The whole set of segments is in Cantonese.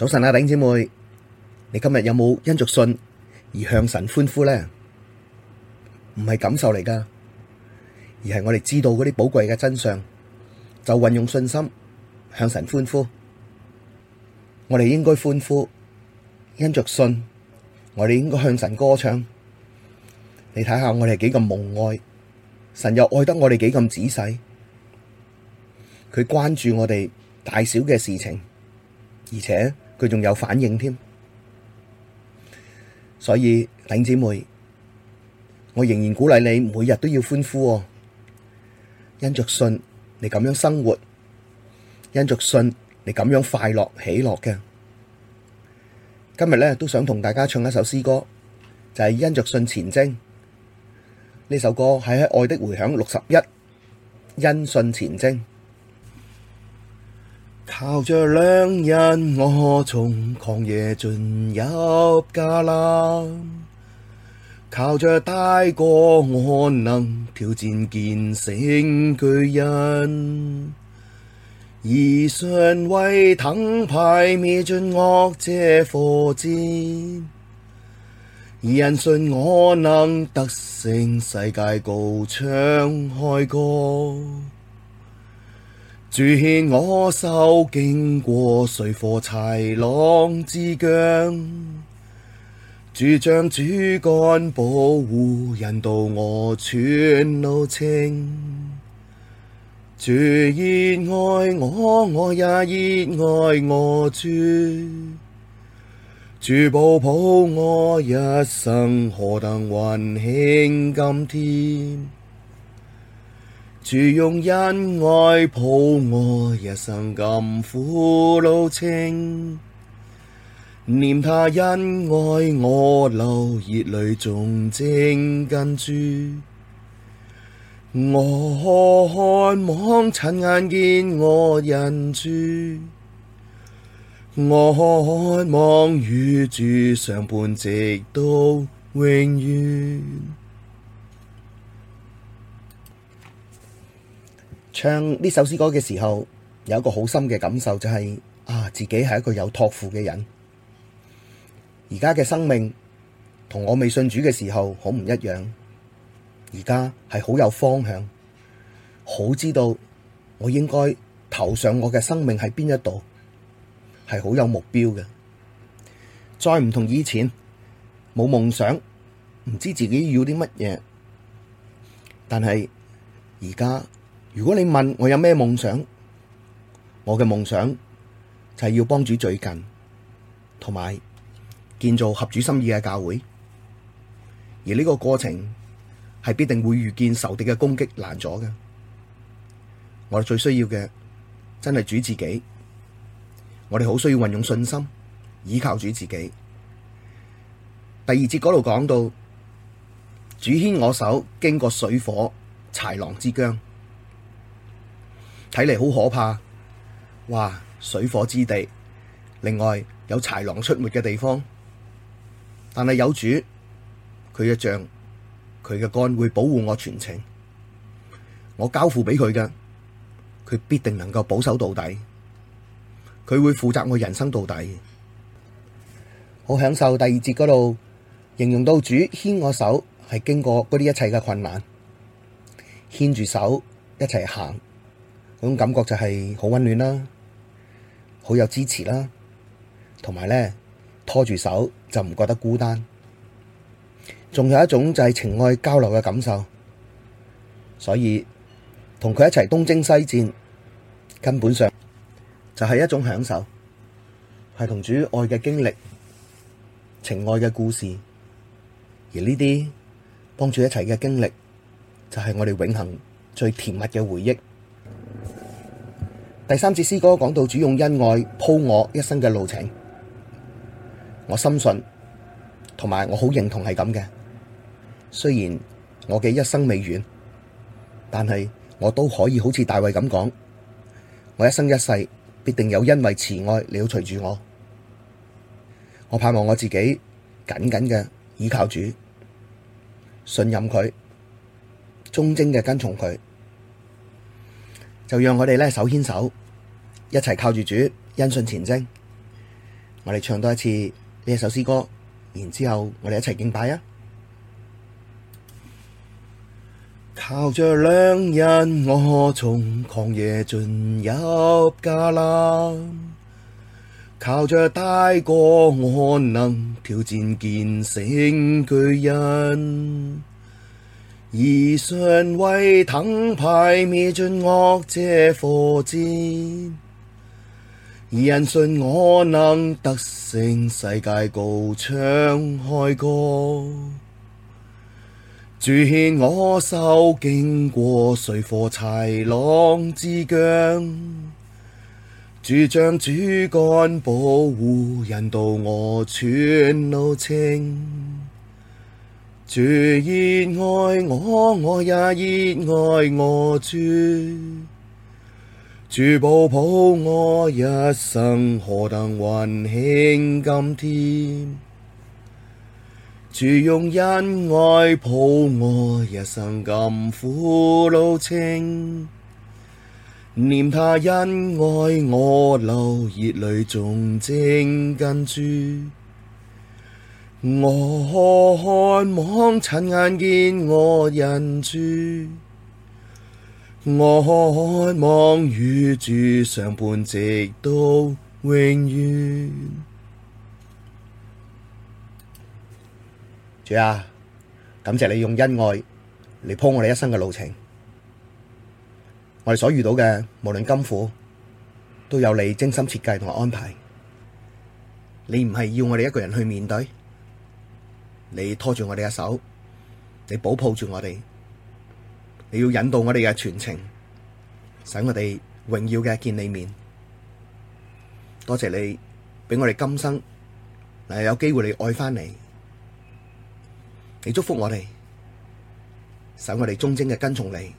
早晨啊，頂姐妹，你今日有冇因着信而向神歡呼呢？唔係感受嚟噶，而係我哋知道嗰啲寶貴嘅真相，就運用信心向神歡呼。我哋應該歡呼，因着信，我哋應該向神歌唱。你睇下，我哋幾咁蒙愛，神又愛得我哋幾咁仔細，佢關注我哋大小嘅事情，而且。佢仲有反應添，所以弟兄姊妹，我仍然鼓勵你每日都要歡呼，哦，因着信你咁樣生活，因着信你咁樣快樂喜樂嘅。今日呢，都想同大家唱一首詩歌，就係因着信前征，呢首歌係喺《愛的迴響》六十一，因信前征。靠着良人，我從曠野進入迦南。靠着大哥，我能挑戰堅城巨人。以信為籐牌滅盡惡者火箭，因信我能得勝世界，高唱凱歌。主牽我手經過水火豺狼之疆，主杖主竿保護引導我全路程。主熱愛我，我也熱愛我主。主保抱我一生，何等溫馨甘甜。主用恩愛鋪我，一生甘苦路程。念祂恩愛我，流熱淚忠貞跟主。我何渴望親眼見我恩主。我何渴望與主相伴直到永遠。唱呢首詩歌嘅時候，有一個好深嘅感受、就是，就係啊，自己係一個有托付嘅人。而家嘅生命同我未信主嘅時候好唔一樣。而家係好有方向，好知道我應該投上我嘅生命喺邊一度，係好有目標嘅。再唔同以前冇夢想，唔知自己要啲乜嘢，但係而家。如果你問我有咩夢想，我嘅夢想就係要幫主最近，同埋建造合主心意嘅教會。而呢個過程係必定會遇見仇敵嘅攻擊，難咗嘅。我哋最需要嘅真係主自己。我哋好需要運用信心，依靠主自己。第二節嗰度講到主牽我手，經過水火、豺狼之疆。睇嚟好可怕，哇！水火之地，另外有豺狼出沒嘅地方，但係有主，佢嘅杖，佢嘅竿會保護我全程，我交付俾佢嘅，佢必定能夠保守到底，佢會負責我人生到底。好享受第二節嗰度形容到主牽我手，係經過嗰啲一切嘅困難，牽住手一齊行。嗰種感覺就係好溫暖啦，好有支持啦，同埋咧拖住手就唔覺得孤單，仲有一種就係情愛交流嘅感受，所以同佢一齊東征西戰，根本上就係一種享受，係同主愛嘅經歷，情愛嘅故事，而呢啲幫助一齊嘅經歷，就係我哋永恒最甜蜜嘅回憶。第三節詩歌講到主用恩愛鋪我一生嘅路程，我深信，同埋我好認同係咁嘅。雖然我嘅一生未完，但係我都可以好似大衛咁講，我一生一世必定有恩惠慈愛你要隨住我。我盼望我自己緊緊嘅倚靠主，信任佢，忠貞嘅跟從佢，就讓我哋咧手牽手。一齊靠住主，因信前征。我哋唱多一次呢一首詩歌，然之後我哋一齊敬拜啊！靠着良人，我從曠野進入迦南；靠着大哥，我能挑戰堅城巨人；以信為籐牌，滅盡惡者火箭。因信我能得勝世界，高唱凱歌。主牽我手經過水火豺狼之疆，主杖主竿保護，引導我全路程。主熱愛我，我也熱愛我主。主保抱我一生，何等溫馨甘甜。主用恩愛鋪我一生，甘苦路程。念祂恩愛我，流熱淚，忠貞跟主。我何渴望親眼見我恩主，我渴望與主相伴直到永遠。主啊，感謝你用恩愛嚟鋪我哋一生嘅路程，我哋所遇到嘅無論甘苦，都有你精心設計同埋安排。你唔係要我哋一個人去面對，你拖住我哋嘅手，你保抱住我哋。你要引導我哋嘅全程，使我哋榮耀嘅見你面。多謝你俾我哋今生能有機會嚟愛翻你，你祝福我哋，使我哋忠貞嘅跟從你。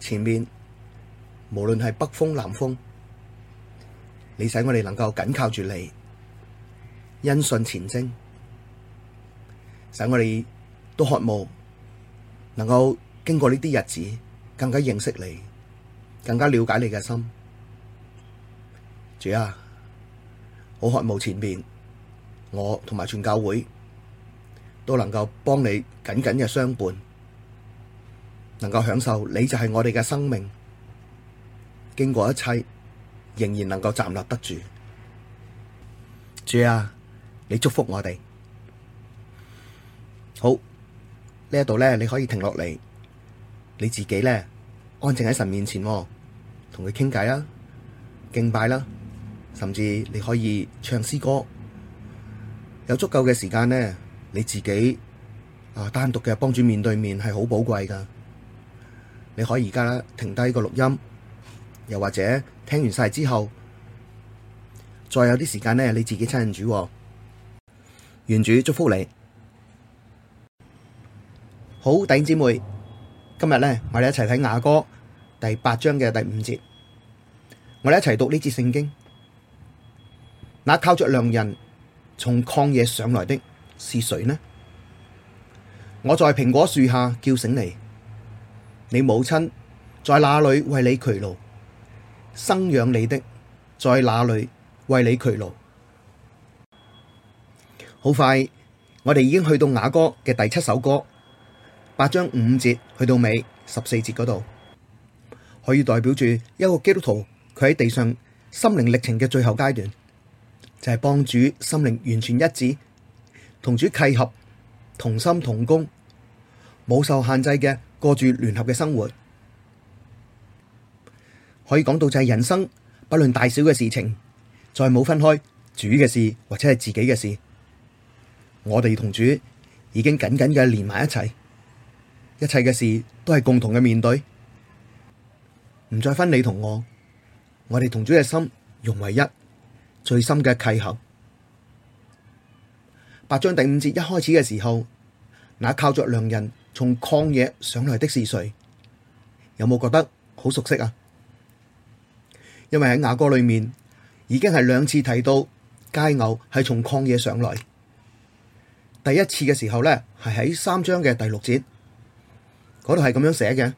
前面無論係北風南風，你使我哋能夠緊靠住你，因信前征，使我哋都渴慕能夠。經過呢啲日子，更加認識你，更加了解你嘅心。主啊，好渴望前面，我同埋全教會都能夠幫你緊緊嘅相伴，能夠享受，你就係我哋嘅生命。經過一切，仍然能夠站立得住。主啊，你祝福我哋。好，呢一度咧，你可以停落嚟。你自己咧安靜喺神面前、啊，同佢傾偈啦、敬拜啦、啊，甚至你可以唱詩歌。有足夠嘅時間咧，你自己啊單獨嘅幫主面對面係好寶貴噶。你可以而家停低個錄音，又或者聽完晒之後，再有啲時間咧，你自己親近主、啊。願主祝福你，好，弟兄姊妹。今日咧，我哋一齊睇雅歌第八章嘅第五節，我哋一齊讀呢節聖經。那靠着良人從曠野上來的是誰呢？我在蘋果樹下叫醒你，你母親在那裡為你劬勞；生養你的在那裡為你劬勞。好快，我哋已經去到雅歌嘅第七首歌。八章五節去到尾十四節嗰度，可以代表住一個基督徒佢喺地上心靈歷程嘅最後階段，就係幫主心靈完全一致，同主契合，同心同工，冇受限制嘅過住聯合嘅生活。可以講到就係人生不論大小嘅事情，再冇分開主嘅事或者係自己嘅事，我哋同主已經緊緊嘅連埋一齊。一切嘅事都係共同嘅面對，唔再分你同我，我哋同主嘅心融為一，最深嘅契合。八章第五節一開始嘅時候，那靠着良人從曠野上來的是誰？有冇覺得好熟悉啊？因為喺雅歌裏面已經係兩次提到佳偶係從曠野上來，第一次嘅時候呢，係喺三章嘅第六節。嗰度係咁樣寫嘅，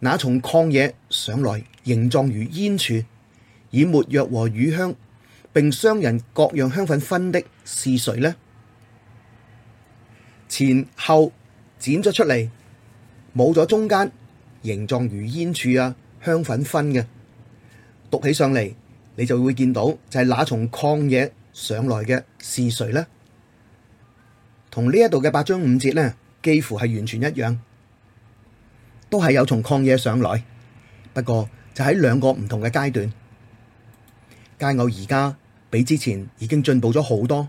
那從曠野上來，形狀如煙柱，以沒藥和乳香，並商人各樣香粉薰的是誰呢？前後剪咗出嚟，冇咗中間，形狀如煙柱啊，香粉薰嘅讀起上嚟，你就會見到就係那從曠野上來嘅是誰呢？同呢一度嘅八章五節呢，幾乎係完全一樣。都係有從曠野上來，不過就喺兩個唔同嘅階段。佳偶而家比之前已經進步咗好多。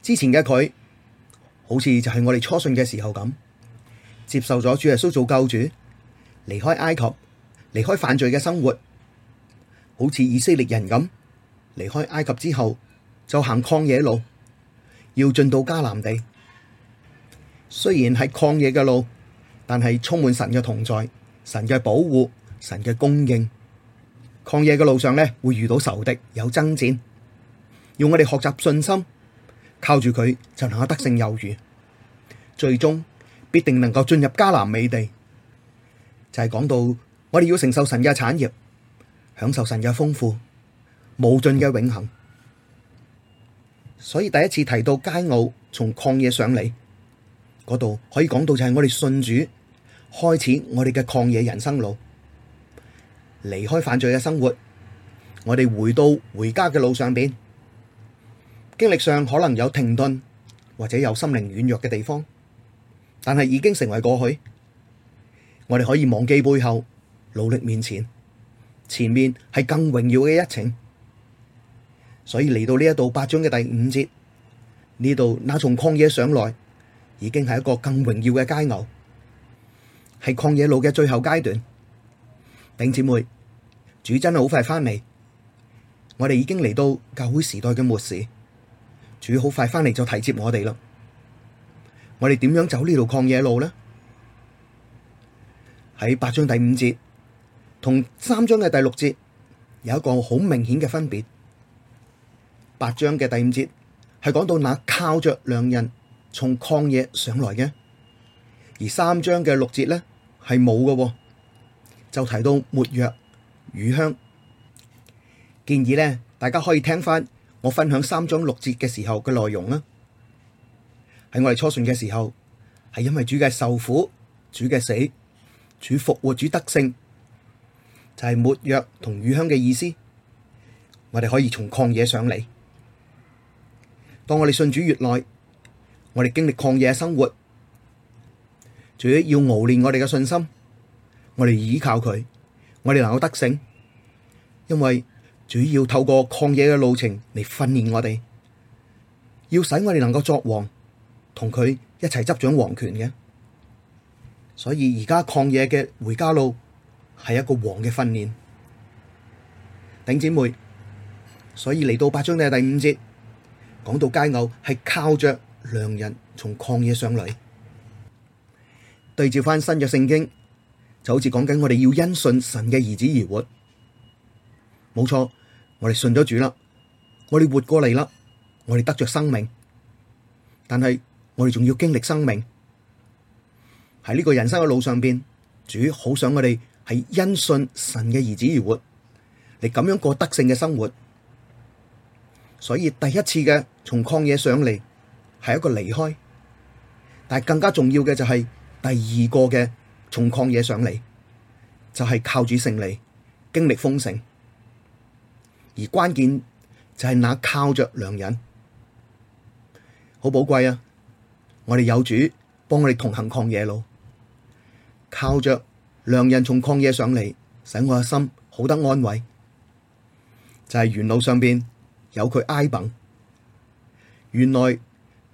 之前嘅佢，好似就係我哋初信嘅時候咁，接受咗主耶穌做救主，離開埃及，離開犯罪嘅生活，好似以色列人咁，離開埃及之後就行曠野路，要進到迦南地。雖然係曠野嘅路。但係充滿神嘅同在，神嘅保護，神嘅供應。曠野嘅路上咧，會遇到仇敵，有爭戰，要我哋學習信心，靠住佢就能夠得勝有餘，最終必定能夠進入迦南美地。就係、是、講到我哋要承受神嘅產業，享受神嘅豐富、無盡嘅永恆。所以第一次提到佳偶從曠野上嚟嗰度，可以講到就係我哋信主，開始我哋嘅曠野人生路，離開犯罪嘅生活，我哋回到回家嘅路上邊，經歷上可能有停頓或者有心靈軟弱嘅地方，但係已經成為過去，我哋可以忘記背後，努力面前，前面係更榮耀嘅一程。所以嚟到呢一度，八章嘅第五節，呢度那從曠野上來，已經係一個更榮耀嘅佳偶。係曠野路嘅最後階段，弟兄姐妹，主真係好快翻嚟，我哋已經嚟到教會時代嘅末時，主好快翻嚟就提接我哋啦。我哋點樣走呢條曠野路呢？喺八章第五節同三章嘅第六節有一個好明顯嘅分別。八章嘅第五節係講到那靠着良人從曠野上來嘅，而三章嘅六節呢。係冇嘅，就提到沒藥、乳香，建議咧，大家可以聽翻我分享三章六節嘅時候嘅內容啦。喺我哋初信嘅時候，係因為主嘅受苦、主嘅死、主復活、主得勝，就係、是、沒藥同乳香嘅意思。我哋可以從曠野上嚟，當我哋信主越耐，我哋經歷曠野生活。主要磨練我哋嘅信心，我哋依靠佢，我哋能夠得勝，因為主要透過曠野嘅路程嚟訓練我哋，要使我哋能夠作王，同佢一齊執掌王權嘅。所以而家曠野嘅回家路係一個王嘅訓練，頂姐妹，所以嚟到八章嘅第五節，講到佳偶係靠著良人從曠野上嚟。對照翻新嘅聖經，就好似講緊我哋要因信神嘅兒子而活，冇錯，我哋信咗主啦，我哋活過嚟啦，我哋得着生命，但係我哋仲要經歷生命，喺呢個人生嘅路上邊，主好想我哋係因信神嘅兒子而活，嚟咁樣過得勝嘅生活，所以第一次嘅從曠野上嚟係一個離開，但係更加重要嘅就係、是。第二個嘅從曠野上嚟，就係、是、靠主勝利，經歷豐盛，而關鍵就係那靠着良人，好寶貴啊！我哋有主幫我哋同行曠野路，靠着良人從曠野上嚟，使我嘅心好得安慰。就係、是、沿路上邊有佢挨捧，原來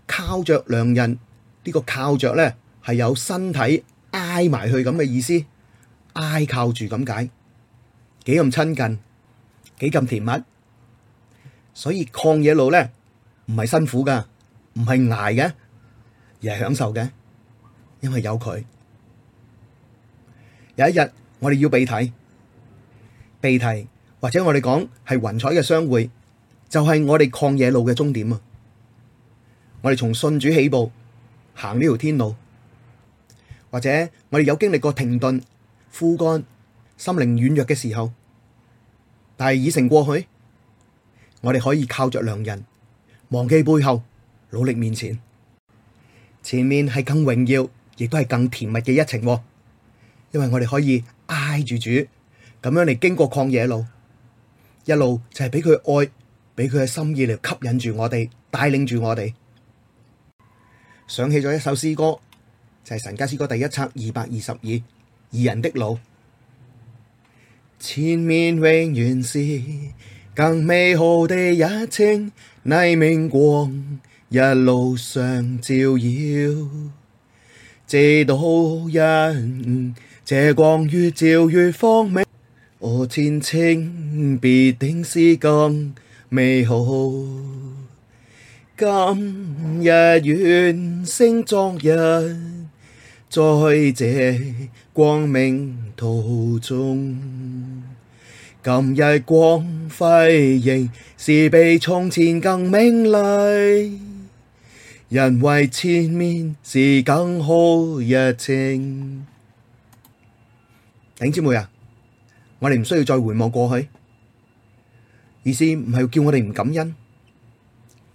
靠着良人呢、這個靠着咧。.係有身體挨埋去咁嘅意思，挨靠住咁解，幾咁親近，幾咁甜蜜，所以曠野路呢，唔係辛苦㗎，唔係捱嘅，而係享受嘅，因為有佢。有一日我哋要被提，被提，或者我哋講係雲彩嘅相會，就係我哋曠野路嘅終點啊！我哋從信主起步，行呢條天路。或者我哋有經歷過停頓、枯乾、心靈軟弱嘅時候，但係已成過去。我哋可以靠着良人，忘記背後，努力面前，前面係更榮耀，亦都係更甜蜜嘅一程，哦。因為我哋可以挨住主，咁樣嚟經過曠野路，一路就係俾佢愛，俾佢嘅心意嚟吸引住我哋，帶領住我哋。想起咗一首詩歌。就是《神家詩歌》第一冊二百二十二，義人的路，前面永遠是更美好的一清黎明光，一路上照耀，這道恩，這光越照越光明，我前程必定是更美好，今日遠勝昨日。在這光明途中，今日光輝仍是比從前更明麗，因為前面是更好日程。影姐妹啊，我哋唔需要再回望過去，意思唔係叫我哋唔感恩，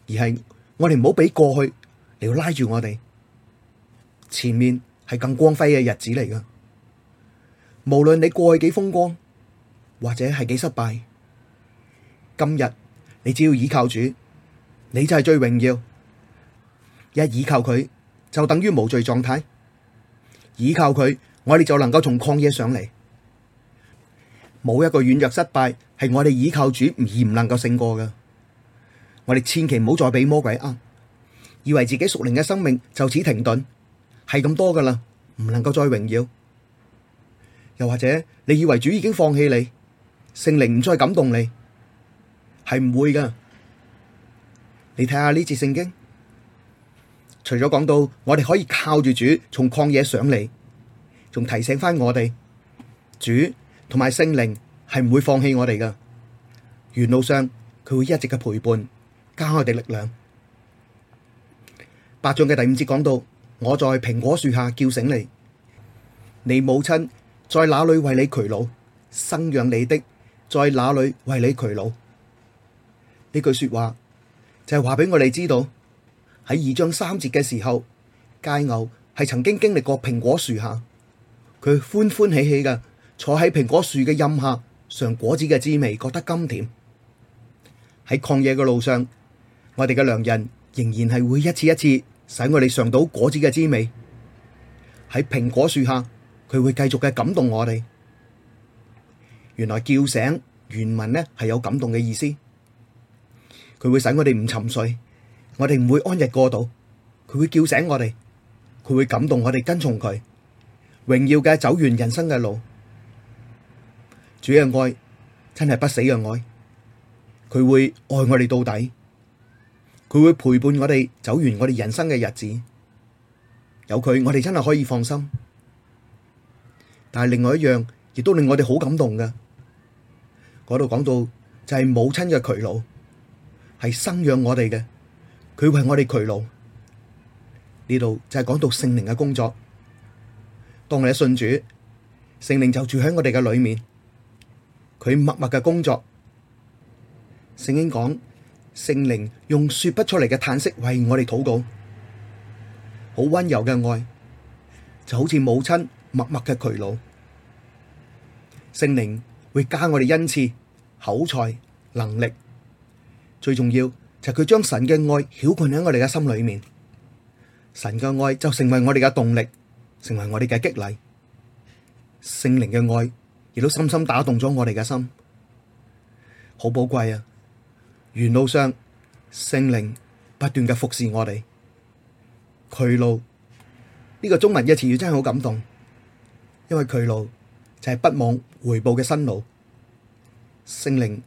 而係我哋唔好俾過去嚟拉住我哋，前面，係更光輝嘅日子嚟噶，無論你過去幾風光或者係幾失敗，今日你只要倚靠主，你就係最榮耀。一倚靠佢，就等於無罪狀態；倚靠佢，我哋就能夠從曠野上嚟。冇一個軟弱失敗係我哋倚靠主而唔能夠勝過噶。我哋千祈唔好再俾魔鬼呃，以為自己屬靈嘅生命就此停頓。係咁多噶啦，唔能夠再榮耀。又或者你以為主已經放棄你，聖靈唔再感動你，係唔會噶。你睇下呢節聖經，除咗講到我哋可以靠住主從曠野上嚟，仲提醒翻我哋，主同埋聖靈係唔會放棄我哋噶。沿路上佢會一直嘅陪伴，加我哋力量。八章嘅第五節講到。我在蘋果樹下叫醒你，你母親在那裡為你劬勞，生養你的在那裡為你劬勞。呢句說話就係話俾我哋知道，喺二章三節嘅時候，佳偶係曾經經歷過蘋果樹下，佢歡歡喜喜嘅坐喺蘋果樹嘅蔭下，嘗果子嘅滋味，覺得甘甜。喺曠野嘅路上，我哋嘅良人仍然係會一次一次。使我哋嘗到果子嘅滋味，喺蘋果樹下，佢會繼續嘅感動我哋。原來叫醒原文呢係有感動嘅意思，佢會使我哋唔沉睡，我哋唔會安逸過度，佢會叫醒我哋，佢會感動我哋跟從佢，榮耀嘅走完人生嘅路。主嘅愛真係不死嘅愛，佢會愛我哋到底。佢會陪伴我哋走完我哋人生嘅日子，有佢我哋真係可以放心。但係另外一樣，亦都令我哋好感動嘅，嗰度講到就係母親嘅劬勞，係生養我哋嘅，佢為我哋劬勞。呢度就係講到聖靈嘅工作。當我哋信主，聖靈就住喺我哋嘅裏面，佢默默嘅工作。聖經講。聖靈用說不出嚟嘅嘆息為我哋禱告，好溫柔嘅愛，就好似母親默默嘅劬勞。聖靈會加我哋恩賜、口才、能力，最重要就係佢將神嘅愛澆灌喺我哋嘅心裏面。神嘅愛就成為我哋嘅動力，成為我哋嘅激勵。聖靈嘅愛亦都深深打動咗我哋嘅心，好寶貴啊！沿路上，聖靈不斷嘅服侍我哋，劬勞呢個中文嘅詞語真係好感動，因為劬勞就係不忘回報嘅辛勞，聖靈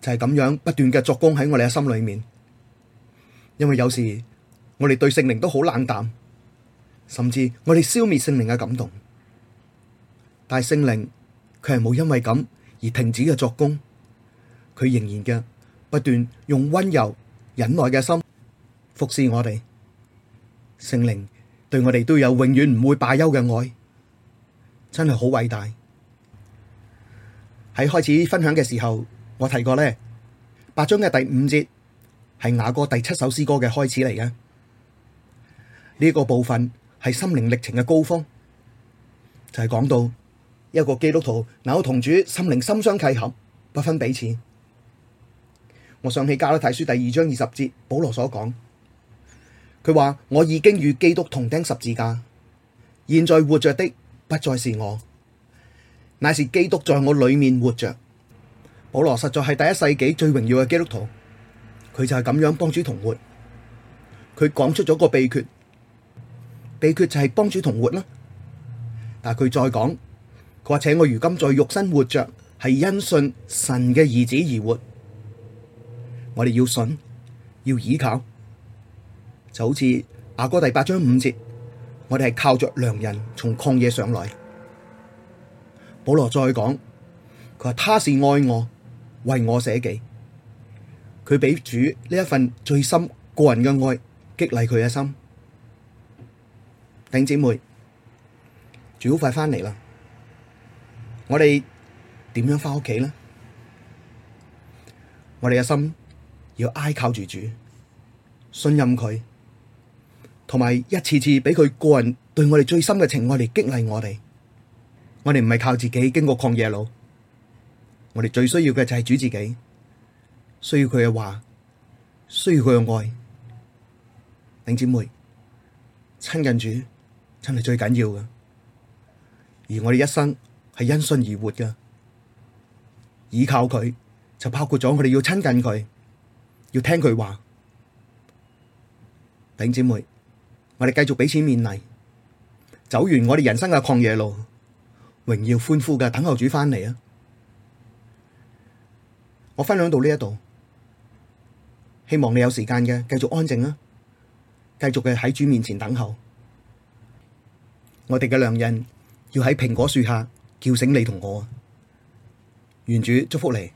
就係咁樣不斷嘅作工喺我哋嘅心裏面。因為有時我哋對聖靈都好冷淡，甚至我哋消滅聖靈嘅感動，但係聖靈佢係冇因為咁而停止嘅作工，佢仍然嘅。不斷用溫柔忍耐嘅心服侍我哋，聖靈對我哋都有永遠唔會罷休嘅愛，真係好偉大。喺開始分享嘅時候，我提過呢：八章嘅第五節係雅歌第七首詩歌嘅開始嚟嘅，呢、這個部分係心靈歷程嘅高峰，就係、是、講到一個基督徒那我同主心靈心相契合，不分彼此。我上起加拉太書第二章二十節，保羅所講，佢話我已經與基督同釘十字架，現在活着的不再是我，乃是基督在我裏面活着。保羅實在係第一世紀最榮耀嘅基督徒，佢就係咁樣幫主同活，佢講出咗個秘訣，秘訣就係幫主同活啦。但佢再講，佢話且我如今在肉身活着，係因信神嘅兒子而活。我哋要信，要倚靠，就好似雅歌第八章五節，我哋係靠着良人從曠野上來。保羅再講，佢話他是愛我，為我捨己，佢俾主呢一份最深個人嘅愛激勵佢嘅心。弟兄姊妹，主好快翻嚟啦，我哋點樣翻屋企咧？我哋嘅心，要依靠住主，信任佢，同埋一次次俾佢個人對我哋最深嘅情愛嚟激勵我哋。我哋唔係靠自己經過曠野路，我哋最需要嘅就係主自己，需要佢嘅話，需要佢嘅愛。弟兄姊妹，親近主真係最緊要噶。而我哋一生係因信而活嘅，依靠佢就包括咗我哋要親近佢。要聽佢話，弟兄姊妹，我哋繼續彼此勉勵，走完我哋人生嘅曠野路，榮耀歡呼嘅等候主翻嚟啊！我分享到呢一度，希望你有時間嘅繼續安靜啊，繼續嘅喺主面前等候。我哋嘅良人要喺蘋果樹下叫醒你同我啊，願主祝福你。